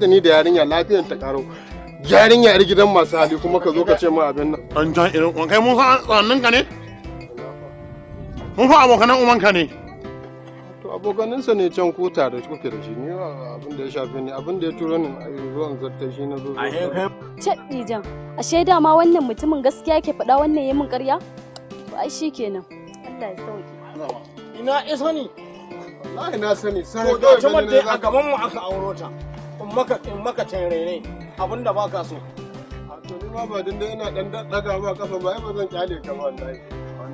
da ni da yarinya lafiyar ta karo yarinya yar gidan masu hali kuma ka zo ka ce ma abin nan an jan irin wankai mun fa tsannin ka ne mun fa abokanan uman ka ne to abokanin sa ne can ko tare kuke da shi ni abin da ya shafe ni abin da ya turo ni a an zarta shi na zo caddi jan a ashe ma wannan mutumin gaskiya yake faɗa wannan yayin mun ƙarya to ai shikenan Allah ya sauke ina isa ni wallahi na sani sai ko da mutum a gaban mu aka aurota in maka in abin da baka so to ni ma ba dinda ina dan daga ba kafa ba ba zan kyale ka ba wallahi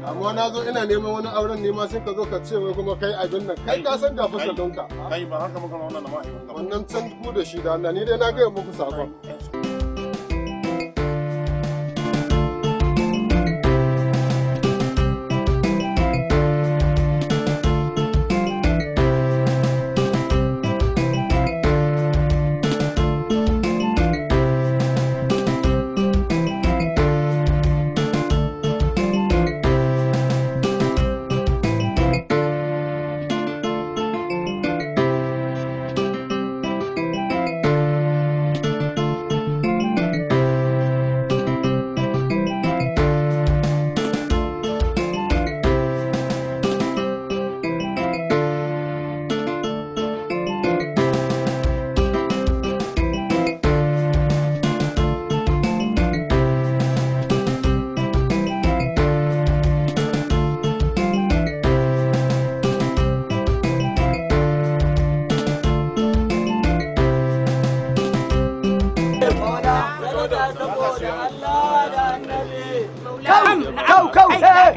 amma na zo ina neman wani auren ne ma sai ka zo ka ce wai kuma kai abin nan kai ka san da fusa donka kai ba haka muka wannan na wannan can da shi da ni dai na ga muku sakon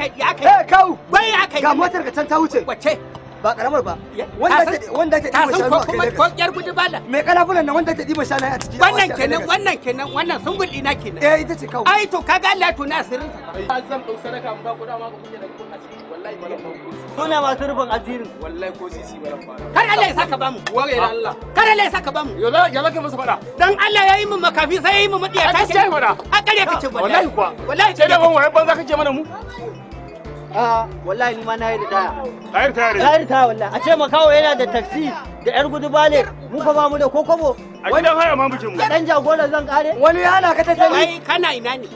kai ya kai eh, ya kai ga motar ka can ta wuce ba karamar ba wanda wanda ta diba shanu a kai ko yar gudu bala me kalafulan nan wanda ta shanu a ciki wannan kenan wannan kenan wannan sungul ina kenan eh ita ce kau ai to kaga Allah to na asirin ka zan dau sadaka ba kunya da kun a ciki wallahi ba masu rufin asirin wallahi ko sisi ba kar Allah ya saka bamu ware da Allah kar Allah ya saka yalla yalla musu fada dan Allah yayi mun makafi sai yayi mun ta ce a kare ka ce wallahi kuwa wallahi sai da ban waye ka kake mana mu wallahi ni ma na yi ritaya ka yi ne ka yi wallahi a ce makawo yana da taxi da yar gudu bale mu fa ba mu da kokobo. kobo a gidan haya ma muke mu dan jagora zan kare wani ya na ka tattali ai kana ina ne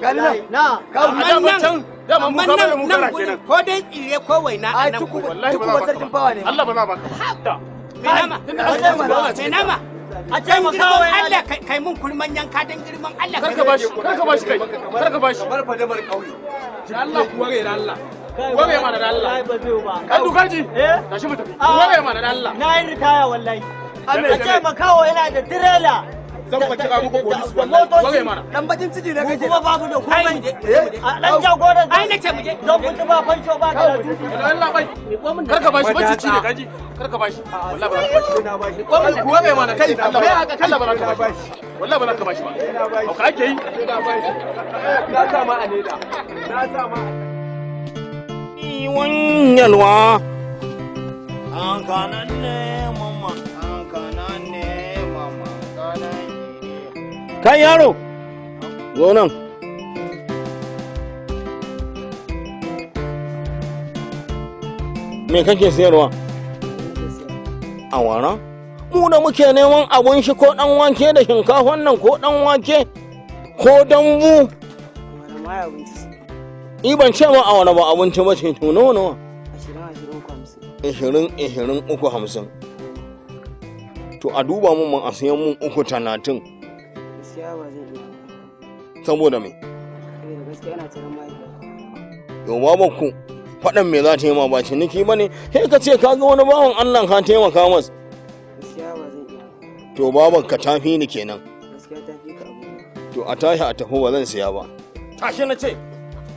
na ka mu da mutan da mu ka ba mu kana kenan ko dai tsire ko waina a nan ku wallahi ba za ka ba Allah ba za ba ka me nama me nama a ce mu kawo Allah kai mun kurman yanka dan girman Allah karka bashi karka bashi kai karka bashi bar fa da bar kauye Allah kuwa ga Allah Wabe mana da Allah. Ba zai ba. Eh? Tashi mu tafi. Wabe ah. da Allah. Na yi ritaya wallahi. Ka ce makawo yana da tirela. Zan ba kira muku polis wallahi. Wabe mana. Dan bakin ciki na kake. Kuma babu da komai. Eh, dan jagoran. Ai Don kun ba fansho ba ka da. Allah bai. Kar ka bashi bacci ci ne kaji. Kar ka bashi. Wallahi ba ka bashi. Ko mu kuwa bai mana kai. Kai ba ka bashi. Wallahi ba ka bashi ba. Ka ake yi. Na sa ma a Na sa ma. ciwon yalwa yaro zo nan me kake sayarwa awara mu da muke neman abun shi ko dan wake da shinkafan nan ko dan wake ko dambu wani Iban ce ma a wani ba abinci ba ce tuno nawa wa? Ashirin ashirin uku hamsin. To a duba mun man a siyan mun uku talatin. Saboda me? Yau ba ku faɗin me za ta yi ma ba ciniki ba ne he ka ce ka ga wani bawan Allah ka taimaka mas. To baban ka tafi ni kenan. To a tashi a tafi ba zan siya ba. Tashi na ce.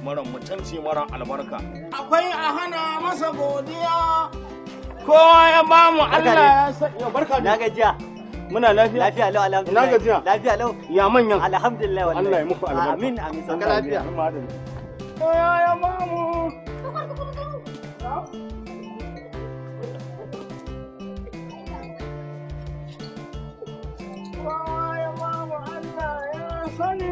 mara mutunci mara albarka akwai a hana masa godiya kowa ya ba mu Allah ya sa ya barka da gajiya muna lafiya lafiya lau alhamdulillah ina gajiya lafiya lau ya manyan alhamdulillah wallahi Allah ya muku albarka amin amin san lafiya kowa ya ba mu Kowa ya ba mu Allah ya sani.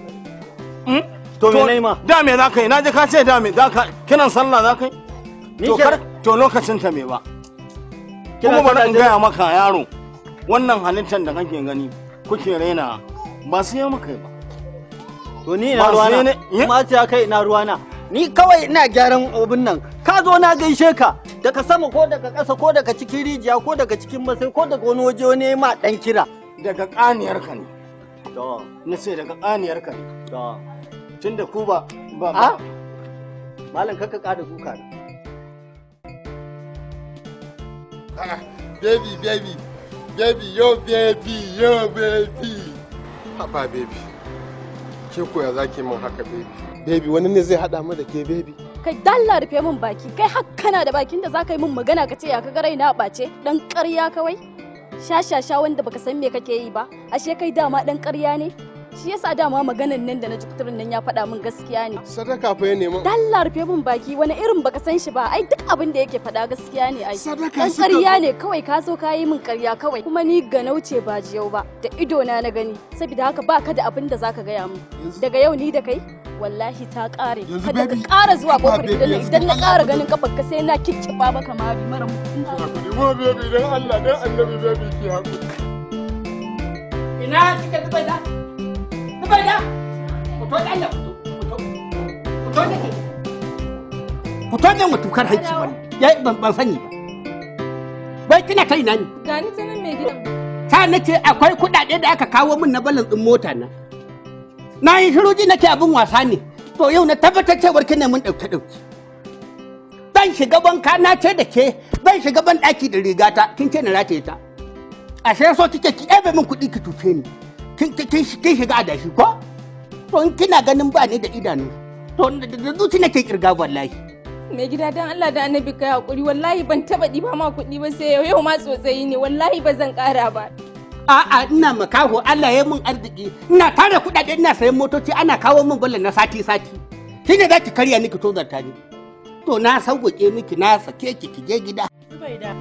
to me nayi ma da me za ka yi na ji ka ce da me za ka kinan sallah za ka yi ni ke to lokacin ta me ba kuma bari in gaya maka yaro wannan halittar da kake gani kuke raina ba su yi maka ba to ni ina ruwana eh? ma ce kai ina ruwana ni kawai ina gyaran obin nan ka zo na gaishe ka daga sama ko daga ƙasa ko daga cikin rijiya ko daga cikin masai ko daga wani waje wani ma dan kira daga kaniyar ka ne to na sai daga kaniyar ka ne to tun da ku ba ba ah? malam ka kada kuka na ah, baby baby baby yo baby yo baby papa baby ke koya za ki min haka baby baby wani ne zai hada mu da ke baby kai dalla rufe min baki kai kana da bakin da zaka yi min magana ka ce ya kaga raina bace dan ƙarya kawai shashasha wanda baka san me kake yi ba ashe kai dama dan ƙarya ne shi yasa dama maganan nan da na jikuturin nan ya faɗa min gaskiya ne sadaka fa ya nema dalla rufe min baki wani irin baka san shi ba ai duk abin da yake faɗa gaskiya ne ai sadaka dan ƙarya ne kawai ka zo ka yi min ƙarya kawai kuma ni ga nauce ba jiyau ba da ido na na gani saboda haka baka da abin da zaka gaya min daga yau ni da kai wallahi ta kare kada ka kara zuwa kofar gidan idan na kara ganin kafar ka sai na kicciba maka mari mara mutunta ko baby dan Allah dan annabi baby ki haƙuri ina kika tuba da da Allah fito fito da ke mu tukar hanci wani ya ban sani ba wai kina kai na ni gani ta nan mai gidan ta nace akwai kuɗaɗe da aka kawo min na balan din mota na na yi shiru ji nake abin wasa ne to yau na tabbatar cewar kina mun ɗauke ɗauke zan shiga banka na ce da ke zan shiga ban ɗaki da ta kin ce na rataye ta ashe so kike ki ɗebe min kuɗi ki tufe ni kin shiga adashi ko to in kina ganin ba ne da idanu to da zuci nake kirga wallahi mai gida dan Allah da annabi kai hakuri wallahi ban taba ɗiba ma kuɗi ba sai yau yau ma sosai ne wallahi ba zan ƙara ba a'a ina makaho Allah ya mun arziki ina tara kuɗaɗe ina sayan motoci ana kawo min balle na sati sati Ki ne ki karya niki to zarta ni to na sauƙoƙe miki na sake ki ki je gida zubaida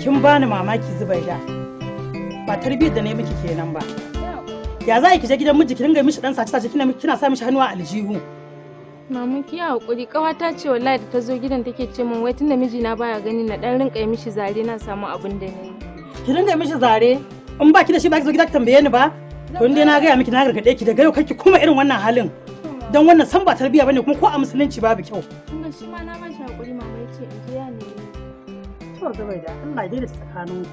kin bani mamaki zubaida ba tarbiyyar da ne miki kenan ba ya za ki je gidan miji ki ringa mishi dan sace sace kina kina sa mishi hannu a aljihu mamun ki hakuri kawata ce wallahi da ta zo gidan take ce min wai tunda miji na baya gani na dan rinka mishi zare na samu abin da ne ki dinga mishi zare in ba ki da shi ba ki zo gida ki tambaye ni ba to inda na gaya miki na gargade ki daga yau kake kuma irin wannan halin dan wannan san ba tarbiya bane kuma ko a musulunci babu kyau kuma shi ma na ba shi hakuri mama yace in je ya ne to gaba da Allah dai da tsakanin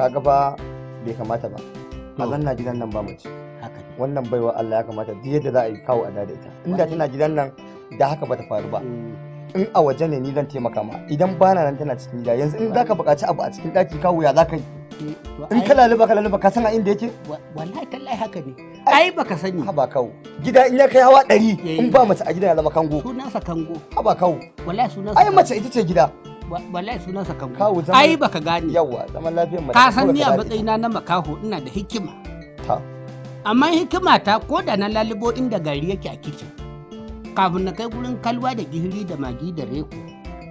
kaga ba bai kamata ba a zanna gidan nan ba mace wannan baiwa Allah ya kamata duk yadda za a yi kawo a da ita inda tana gidan nan da haka bata faru ba mm. in a waje ne ni zan taimaka ma idan bana nan tana cikin gida yanzu in za ka buƙaci abu a cikin ɗaki kawo ya za ka yi eh, in ka laluba ka laluba ka san a inda yake wallahi tallahi haka ne ai ka sani haba kawo gida in ya kai hawa ɗari eh. in ba mace a gidan ya zama kango sunansa kango haba kawo wallahi sunansa ai mace ita ce gida wallahi suna kawu kawu ai baka gane yawa zaman lafiyar mu ka san ni a matsayina na makaho ina da hikima ta amma hikima ta ko da na lalubo inda gari yake a kicin kafin na kai gurin kalwa da gihiri da magi da reko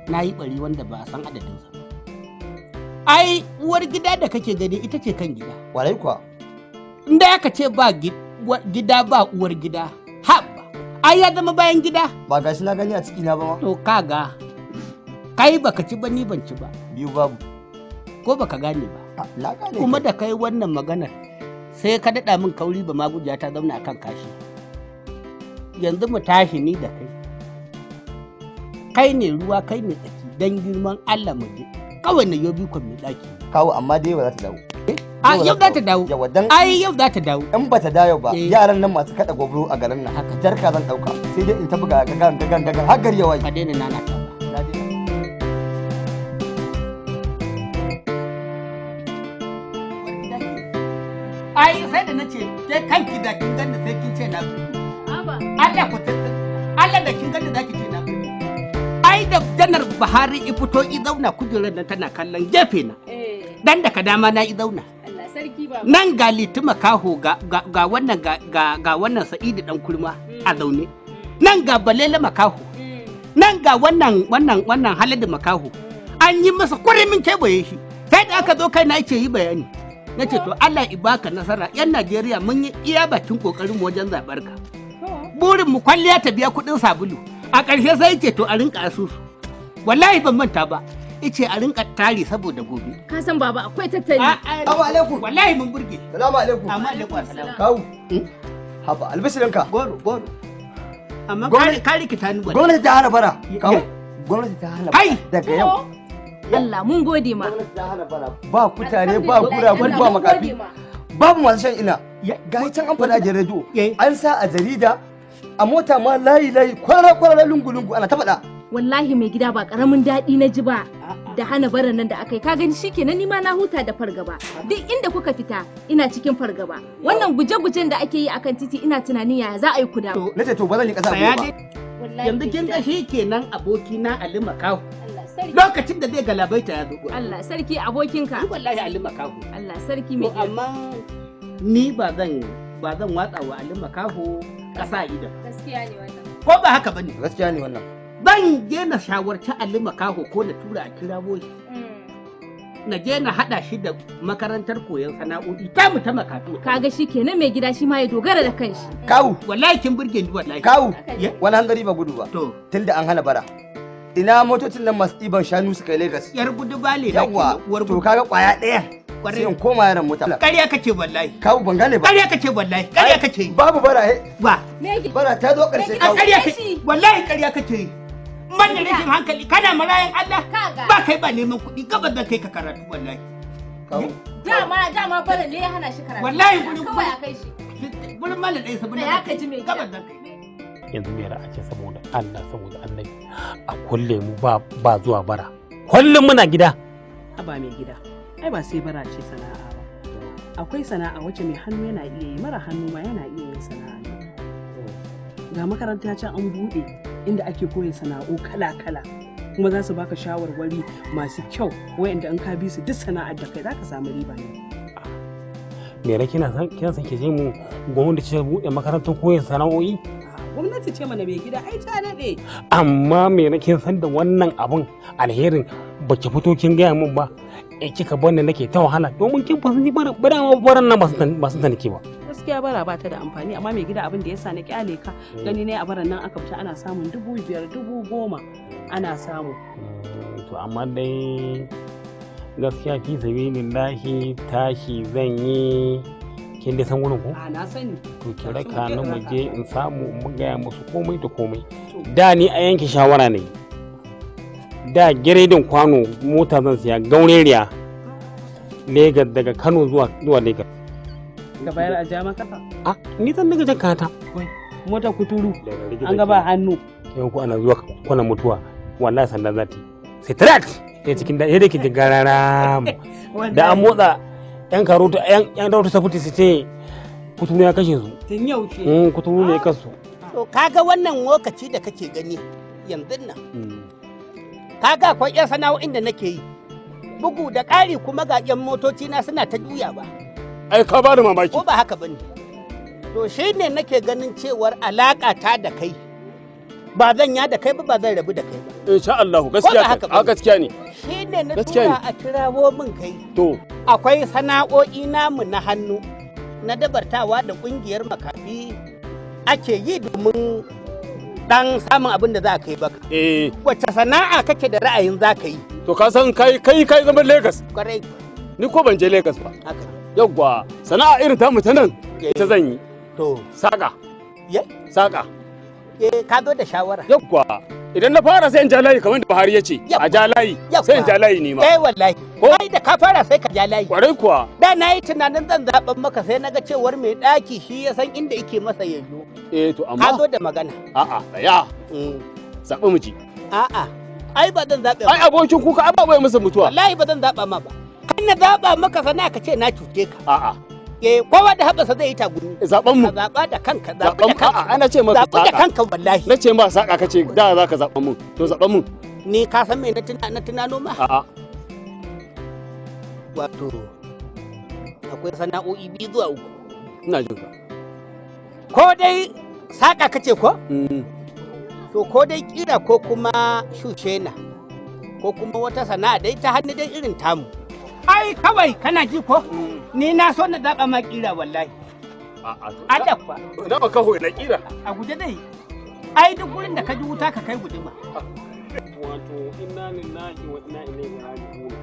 na yi bari wanda ba a san sa ai uwar gida da kake gani ita ce kan gida walai kuwa inda ya ce ba gida ba uwar gida ha ai ya zama bayan gida ba gashi na gani a ciki na ba to kaga kai baka ci ba ni ban ci ba biyu babu ko baka gane ba ah, kuma da kai wannan maganar sai ka daɗa min kauri ba maguja ta zauna akan kashi yanzu mu tashi ni da kai kai ne ruwa kai ne tsaki dan girman Allah mu je kawai na yobi kwan mai daki kawo amma dai ba za ta dawo eh? yau ah, za ta dawo ai yau za ta dawo in ba ta dawo ba eh. yaran nan masu kada gobro a garin nan haka jarka zan dauka sai dai in tafi ga gagan gagan gagan har gari ya waye ka daina nana ta sai kanki da kin ganda sai kin ce na zo Allah ku Allah da kin ganda za ki ce na zo ai da janar Buhari i fito i zauna kujerar nan tana kallon gefe na eh. dan da ka dama na i zauna nan ga lituma kaho ga wannan ga wannan sa'idu dan kurma hmm. a zaune nan ga balele makaho hmm. nan ga wannan wannan wannan halin makaho hmm. an yi masa kurimin kebaye shi sai da aka zo kai na ke yi bayani na ce to Allah i baka nasara yan Najeriya mun yi iya bakin kokarin mu wajen zabar ka burin mu kwalliya ta biya kudin sabulu a ƙarshe sai ce to a rinka asusu wallahi ban manta ba ice a rinka tari saboda gobe ka san baba akwai tattali assalamu alaikum wallahi mun burge assalamu alaikum amma alaikum assalam kawu hmm? haba albishirinka goro goro amma ka rikita ni gwamnati ta hana fara kawu gwamnati ta hana daga yau Allah mun gode ma ba ku ba kuragun ba makafi babu masu shan ina ga can an fada jin radio eh. an sa a jarida a mota ma layi layi kwara kwara lungu lungu ana ta faɗa wallahi mai gida ba karamin daɗi na ji ba da hana baran nan da aka yi ka gani ni nima na huta da fargaba duk inda kuka fita ina cikin fargaba wannan guje-gujen da ake yi akan titi ina tunanin yaya za a yi kuda to nace to ba yi kasa ba yanzu kin ga abokina Ali Makau lokacin da zai galabaita ya zo Allah sarki abokinka ni wallahi alima Makahu. Allah sarki mai amma ni ba zan ba zan watsa wa alima Makahu kasa idan gaskiya ne wannan ko ba haka bane gaskiya ne wannan zan je na shawarci alima Makahu ko na tura a kira boye mm. na je na hada shi da makarantar koyon sana'o'i ta mu ta makatu kaga shi kenan mai gida shi ma ya dogara da kanshi kawu wallahi kin burge ni wallahi kawu wani hangari ba gudu ba to tunda an hana bara ina motocin nan masu ɗiban shanu su kai Lagos. Yar gudu ba le da uwar to kaga kwaya ɗaya. Sai in koma yaran mota. Ƙarya kake wallahi. Kawo ban gane ba. Ƙarya kake wallahi. Ƙarya kake. Babu bara he. Eh. Ba. Bara ta zo ƙarshe kawo. Ƙarya kake. Wallahi ƙarya kake. Man da rashin hankali kana marayan Allah. Ba kai ba neman kuɗi gabas da kai ka karatu wallahi. Kawo. Dama dama bara ne ya hana shi karatu. Wallahi gurin gurin. Kawai a kai shi. Gurin malam ɗaya saboda. Da ya kaji mai gabas da kai. yanzu me a ce saboda Allah saboda annabi a kulle mu ba zuwa bara kullum muna gida A ba mai gida ai ba sai bara ce sana'a ba akwai sana'a wacce mai hannu yana iya yi mara hannu ma yana iya yin sana'a ga makaranta can an buɗe inda ake koya sana'o kala-kala kuma za su baka shawarwari masu kyau wayanda an ka bi su duk sana'ar da kai za ka samu riba ne me kina san kina san ke mu gwamnati ce buɗe makarantar koyin sana'o'i gwamnati ce mana mai gida ai ta daɗe amma me nake san da wannan abun alherin baki fito kin gaya min ba e kika bani nake ta wahala domin kin fasanci bara bara baran nan ba su ba gaskiya bara ba ta da amfani amma mai gida abin da yasa na kyale ka hmm. gani ne a baran nan aka fita ana samun dubu biyar dubu goma ana samu hmm, to amma dai gaskiya fi lillahi tashi zan yi kin dai san wurin ko a na sani to ki raka ni mu je in samu mun gaya musu komai da komai da ni a yanke shawara ne da giredin kwano mota zan siya gaureriya Legas daga Kano zuwa zuwa Legas ga bayar a ja maka a ni zan daga jaka ta mota kuturu an gaba hannu kai ku ana zuwa kwana mutuwa wallahi sandan zati sai trat sai cikin da yadda ke jin gararam da an motsa yan karuta yan dauta safuti su ce kuturu ya kashe su tun yaushe mm, kuturu ne ah. kansu to kaga wannan lokaci da kake gani yanzu nan mm. kaga akwai yan sana'o'in da nake yi bugu da ƙari kuma ga yan motoci na suna ta juyawa ai ka bani mamaki ko ba haka bane to shine nake ganin cewar alaka ta da kai ba zan ya da kai ba ba zan rabu da kai ba insha Allah gaskiya gaskiya ne shine na tura a kirawo min kai to akwai sana'o'i namu na hannu na dabartawa da ƙungiyar makafi ake yi domin dan samun abin da za ka yi baka. Eh. Wacce sana'a kake da ra'ayin za ka yi? To ka san kai kai kai zaman Lagos. Kwarai. Ni ko ban je Lagos ba. Haka. Yawwa sana'a irin ta ta nan ita zan yi. To. Saka. Ye? Saka. Eh ka zo da shawara. Yawwa. idan na fara sai in ja layi kamar da Buhari yace a ja layi sai in ja layi ne ma eh wallahi kai da ka fara sai ka ja layi kwarai kuwa da na yi tunanin zan zaben maka sai naga cewar mai daki shi ya san inda yake masa ya zo eh to amma ka zo da magana a'a tsaya mm. zabi miji a'a ai ba zan zabe ai abokin kuka ai ba bai musu mutuwa wallahi ba zan zaba ma ba kan na zaba maka sana ka ce na cuce ka a Eh, kowa da haɓasa zai yi tagumi zaɓen mu zaɓa da kanka zaɓa da kanka na ce ma zaɓa da kanka wallahi na ce ma saƙa ka ce da za ka zaɓa mu to zaɓa mu ni ka san me na tuna na tunano ma a'a wato akwai sana'o'i biyu zuwa uku ina jin ka ko dai saƙa ka ce ko mm. to ko dai ƙira ko kuma shushena ko kuma wata sana'a dai ta hannu dai irin tamu ai kawai kana ji ko ni na so na daba ma kira wallahi a dabba na ba kaho na kira a guje dai ai duk gurin da ka ji wuta ka kai guduma wato inna lillahi wa inna ilaihi raji'un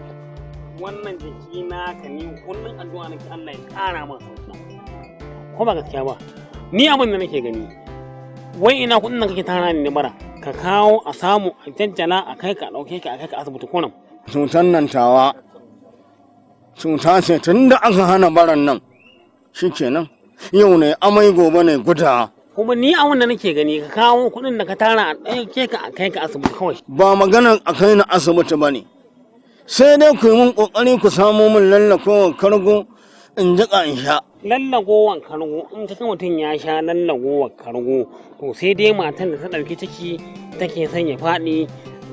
wannan jiki na ka ne kullun addu'a ki Allah ya kara min ko ba gaskiya ba ni abin da nake gani wai ina kudin da kake tara ni bara ka kawo a samu a jajjala a kai ka dauke ka a kai ka asibiti ko nan cutan nan tawa cuta ce tun da aka hana baran nan shikenan yau ne amai gobe ne guda kuma ni a wanda nake gani ka kawo kuɗin da ka tara a ɗauke ka a kai ka asibiti kawai ba maganar a kai na asibiti ba ne sai dai ku yi min ƙoƙari ku samo min lallakowar kargo in jiƙa in sha lallagowar kargo in ta mutum ya sha lallagowar kargo to sai dai matan da ta ɗauki ciki take ya faɗi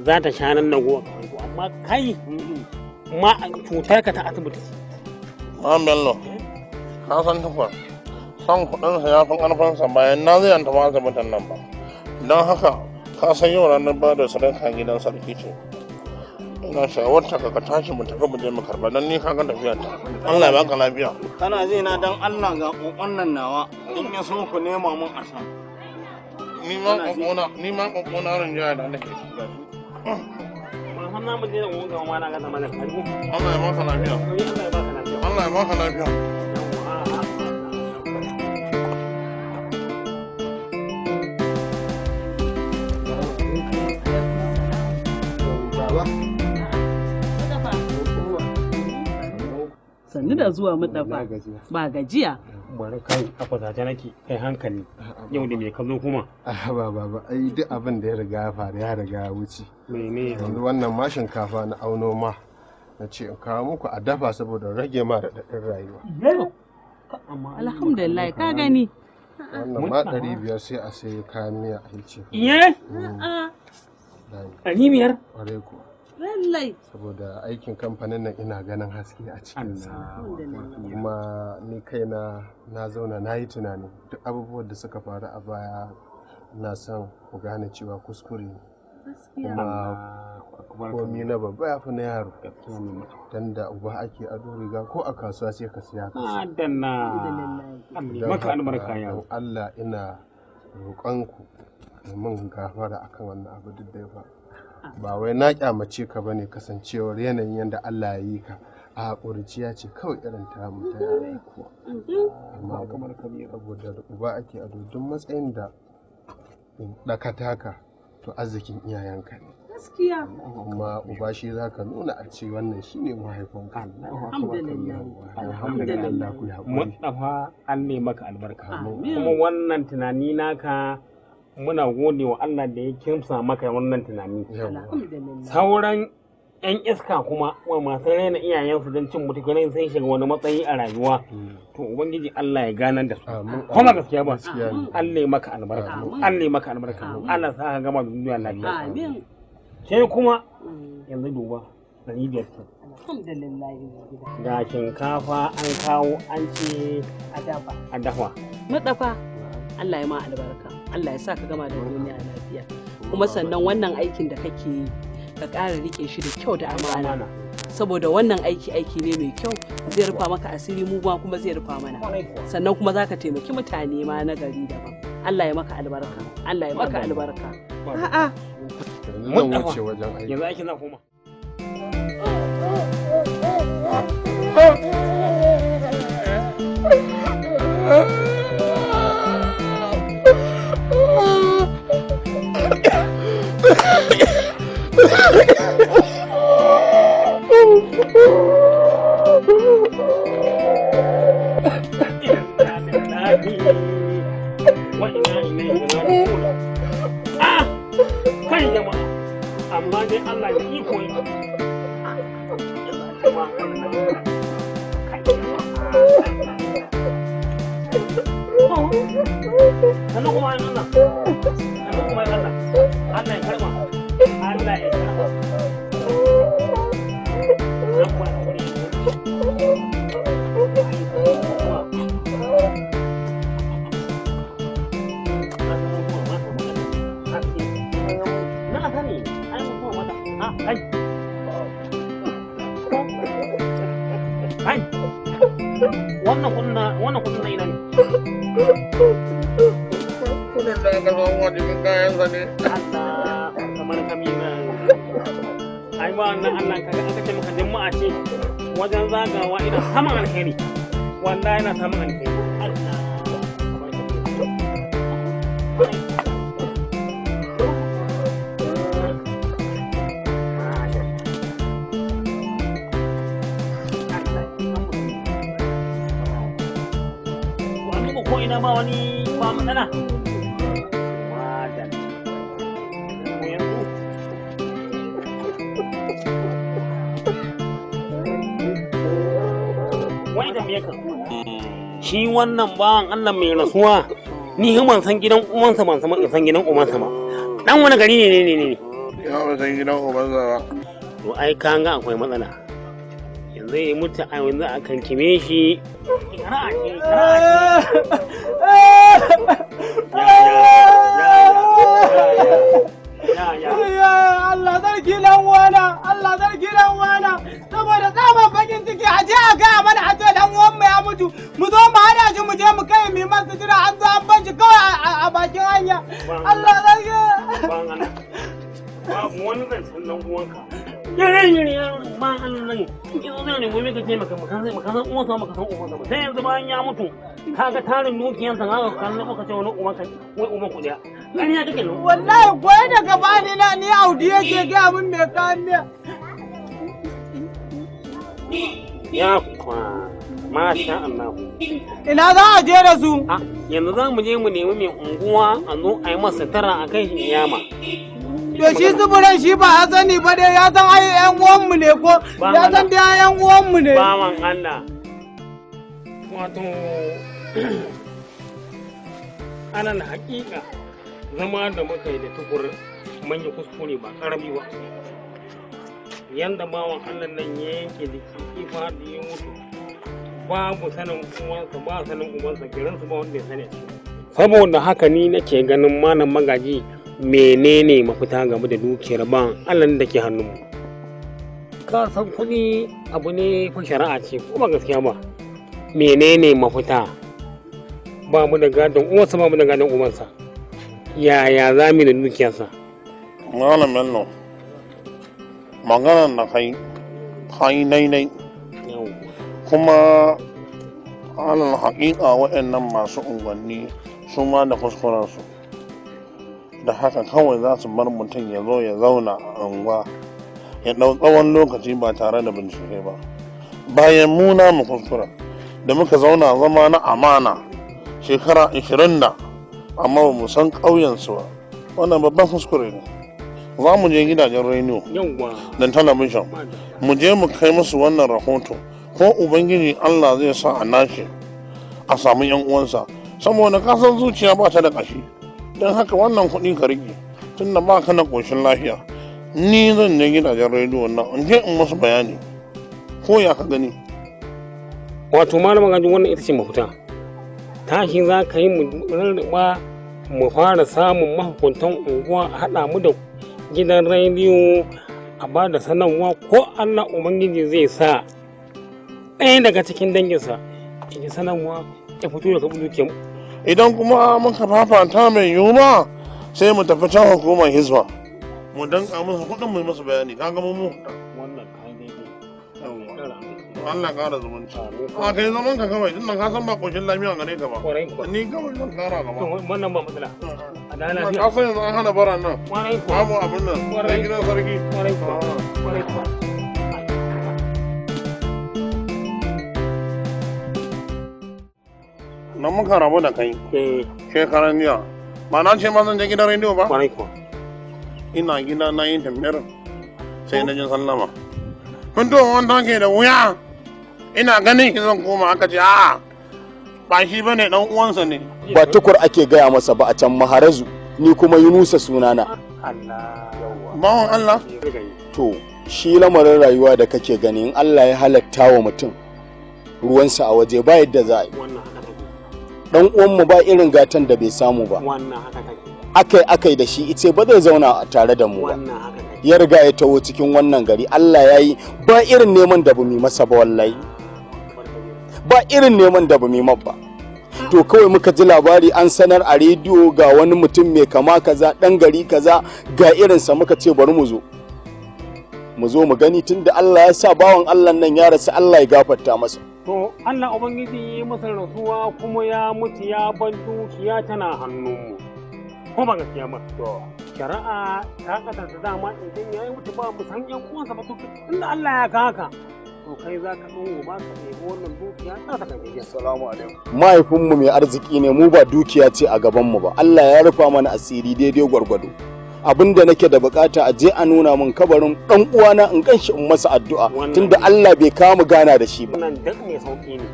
za ta sha lallagowar kargo amma kai ma cutar ka ta asibiti ma bello ka san tukwa san sa ya fi ƙarfinsa bayan na zai yanta ma asibitin nan ba don haka ka san yau ranar ba da sadaka gidan sarki ce ina shawarta ka tashi mu tafi mu je mu karba don ni kaga tafiya ta Allah ya baka lafiya kana zai na dan Allah ga kokon nan nawa in ya so ku nema mun a san. ni ma kokona ni ma kokona ran jaya da nake har da ga zuwa mutafa ba gajiya bari kai a kwazace nake kai hankali yau da mai kallo kuma ba ba ba ai duk abin da ya riga ya faru ya riga ya wuce yanzu wannan ma shinkafa na auno ma na ce in kawo muku a dafa saboda rage ma da daɗin rayuwa alhamdulillah ka gani wannan ma ɗari biyar sai a sayi kayan miya a hilce iye mm. ɗari biyar ƙwarai kuwa lallai saboda aikin kamfanin nan ina ganin haske a cikin kuma ni kaina na zauna na yi tunani duk abubuwan da suka faru a baya na son ku gane cewa kuskure kuma komi na babba ya fi na yaro don uba ake ado riga ko a kasuwa sai ka siya ka don Allah ina roƙonku mun gafara akan wannan abu duk da ya faru ba wai na kyamace ka bane kasancewar yanayin yadda Allah ya yi ka a ƙuriciya ce kawai irin ta mutu ya yi. kuwa mm-hmm. amma kamar mai saboda da uba ake a duk matsayin da ɗaka taka to arzikin iyayenka ne gaskiya amma uba shi za ka nuna a ce wannan shi ne mahaifinka alhamdulillah ku haƙuri an ne maka albarka kuma wannan tunani naka muna gode wa Allah da ya kimsa maka wannan tunani sauran yan iska kuma wa masu raina iyayensu don cin mutukunan sai shiga wani matsayi a rayuwa to ubangiji Allah ya gana da su kuma gaskiya ba Allah ya maka albarka Allah ya maka albarka Allah sa ka gama duniya lafiya sai kuma mm. yanzu duba dari biyar ga shinkafa an kawo an ce a dafa a dafa madafa Allah ya ma albarka Allah ya sa ka gama da duniya lafiya kuma sannan wannan aikin da kake yi ka ƙara rike shi da kyau da amana saboda wannan aiki aiki ne mai kyau zai rufa maka asiri mu ma kuma zai rufa mana sannan kuma za ka taimaki mutane ma na gari daban Allah ya maka albarka Allah ya maka albarka a'a mun wuce wajen aiki yanzu aiki na koma Oh, oh, oh, oh amma dai Allah da kuma ai ba wannan Allah kaga aka ce maka jama'a ce wajen zagawa idan saman alheri wallahi yana saman alheri ko ina ba wani ba matsala shi wannan bawan Allah mai rasuwa ni ban san gidan uwansa ban san san gidan uwansa ba dan wani gari ne ne ne ne ya ban san gidan uwansa ba to ai ka ga akwai matsala yanzu ya mutu a yanzu a kankime shi liman su jira an zo an ban shi kawai a bakin hanya Allah zai yi wani uwanka an nan in zai maka maka san uwansa maka san uwansa sai yanzu bayan ya mutu kaga tarin dukiyansa maka ce wani uwanka wai uwan ku daya kake wallahi daga bani na ni audi yake ga ya kwa Masha Allah. Ina za a je da su? Yanzu za mu je mu nemi mai unguwa a zo a yi masa tara a kan yama. To shi zuburan shi ba ya sani ba dai ya san ai yan mu ne ko ya san dai yan mu ne. man Allah. Wato ana na hakika zama da muka yi da tukur manya kuskure ba karami ba. Yanda bawan Allah nan ya yanke jiki ifa da ya mutu mu sanin uwansa ba sanin uwansa kiransu ba wanda ya sani saboda haka ni nake ganin malam magaji menene mafita game da dukiyar ban allah da ke hannunmu ka san kuɗi abu ne fa shari'a ce ko ba gaskiya ba menene mafita ba mu da gadon uwansa ba mu da gadon uwansa yaya za mu da dukiyarsa malam mello maganar na kai kai nai nai kuma alal haƙiƙa waɗannan masu unguwanni su ma da kuskurensu da haka kawai za su bar mutum ya zo ya zauna a unguwa ya ɗau tsawon lokaci ba tare da bincike ba bayan muna mu kuskura da muka zauna zama na amana shekara 20 da amma ba mu san ƙauyensu ba wannan babban kuskure ne za mu je gidajen rainiyo da talabijin mu je mu kai musu wannan rahoto ko ubangiji allah zai sa a nashi a samu yan uwansa saboda kasan zuciya ba ta da ƙashi don haka wannan kuɗi ka rike tun da ba ka na ƙoshin lafiya ni zan je gidajen rediyo na in je in musu bayani ko ya ka gani wato malamin gajin wannan ita ce mafuta tashi za ka yi rarraba mu fara samun mahukuntan unguwa a haɗa mu da gidan rediyo a ba da sanarwa ko allah ubangiji zai sa ɗaya daga cikin danginsa in yi sanarwa ya fito daga dukiyar idan kuma muka fafanta mai ma sai mu tafi can hukumar hizba mu danka musu kuɗin mu musu bayani ka gama mu wannan Allah kara zumunci Ba kai zaman ka kawai dinnan ka san ba koshin lafiya gare ka ba ni kawai zan kara gaba wannan ba matsala adala ka san yanzu an hana bara nan babu abin nan sai gidan sarki nan muka rabu da kai eh. shekaran jiya ba na ce ma zan je gidan rediyo ba ina gida na yi tambayar sai na jin sallama fitowar wanda ke da wuya ina ganin shi zan koma aka ce a'a ba shi ba ne uwansa ne ba tukur ake gaya masa ba a can maharazu ni kuma yi yunusa sunana bawan allah to shi lamarin rayuwa da kake gani in allah ya halatta wa mutum ruwansa a waje ba yadda za a yi dan uwanmu ba irin gatan da bai samu ba akai akai da shi ice ba zai zauna tare da mu ba ya riga ya taho cikin wannan gari Allah ya yi ba irin neman da bumi masa ba wallahi ba irin neman da bumi ba to kawai muka ji labari an sanar a rediyo ga wani mutum mai kama kaza dan gari kaza ga irinsa muka ce bari mu zo mu zo mu gani tunda Allah ya sa bawan Allah nan ya rasu Allah ya gafarta masa to Allah ubangiji ya masa rasuwa kuma ya mutu ya bantu dukiya tana hannun mu ko ba gaskiya ba to shari'a ta kadanta dama idan yayi mutu ba mu san yan uwansa ba to tunda Allah ya kaka to kai za ka ɗan ba ka wannan dukiya ta ta kai mahaifinmu mai arziki ne mu ba dukiya ce a gabanmu ba Allah ya rufa mana asiri daidai gwargwado abin da nake da bukata a je a nuna min kabarin dan uwana in ganshi in masa addu'a tunda Allah bai kawo mu gana da shi ba nan duk ne sauki ne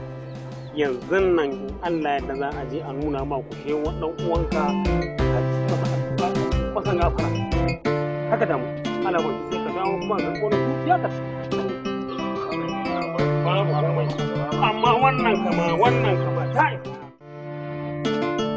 yanzu nan Allah yadda za a je a nuna ma ku she dan uwanka kusan gafara haka da mu ana ba sai ka dawo kuma ga kone ya ta amma wannan kama wannan kama ta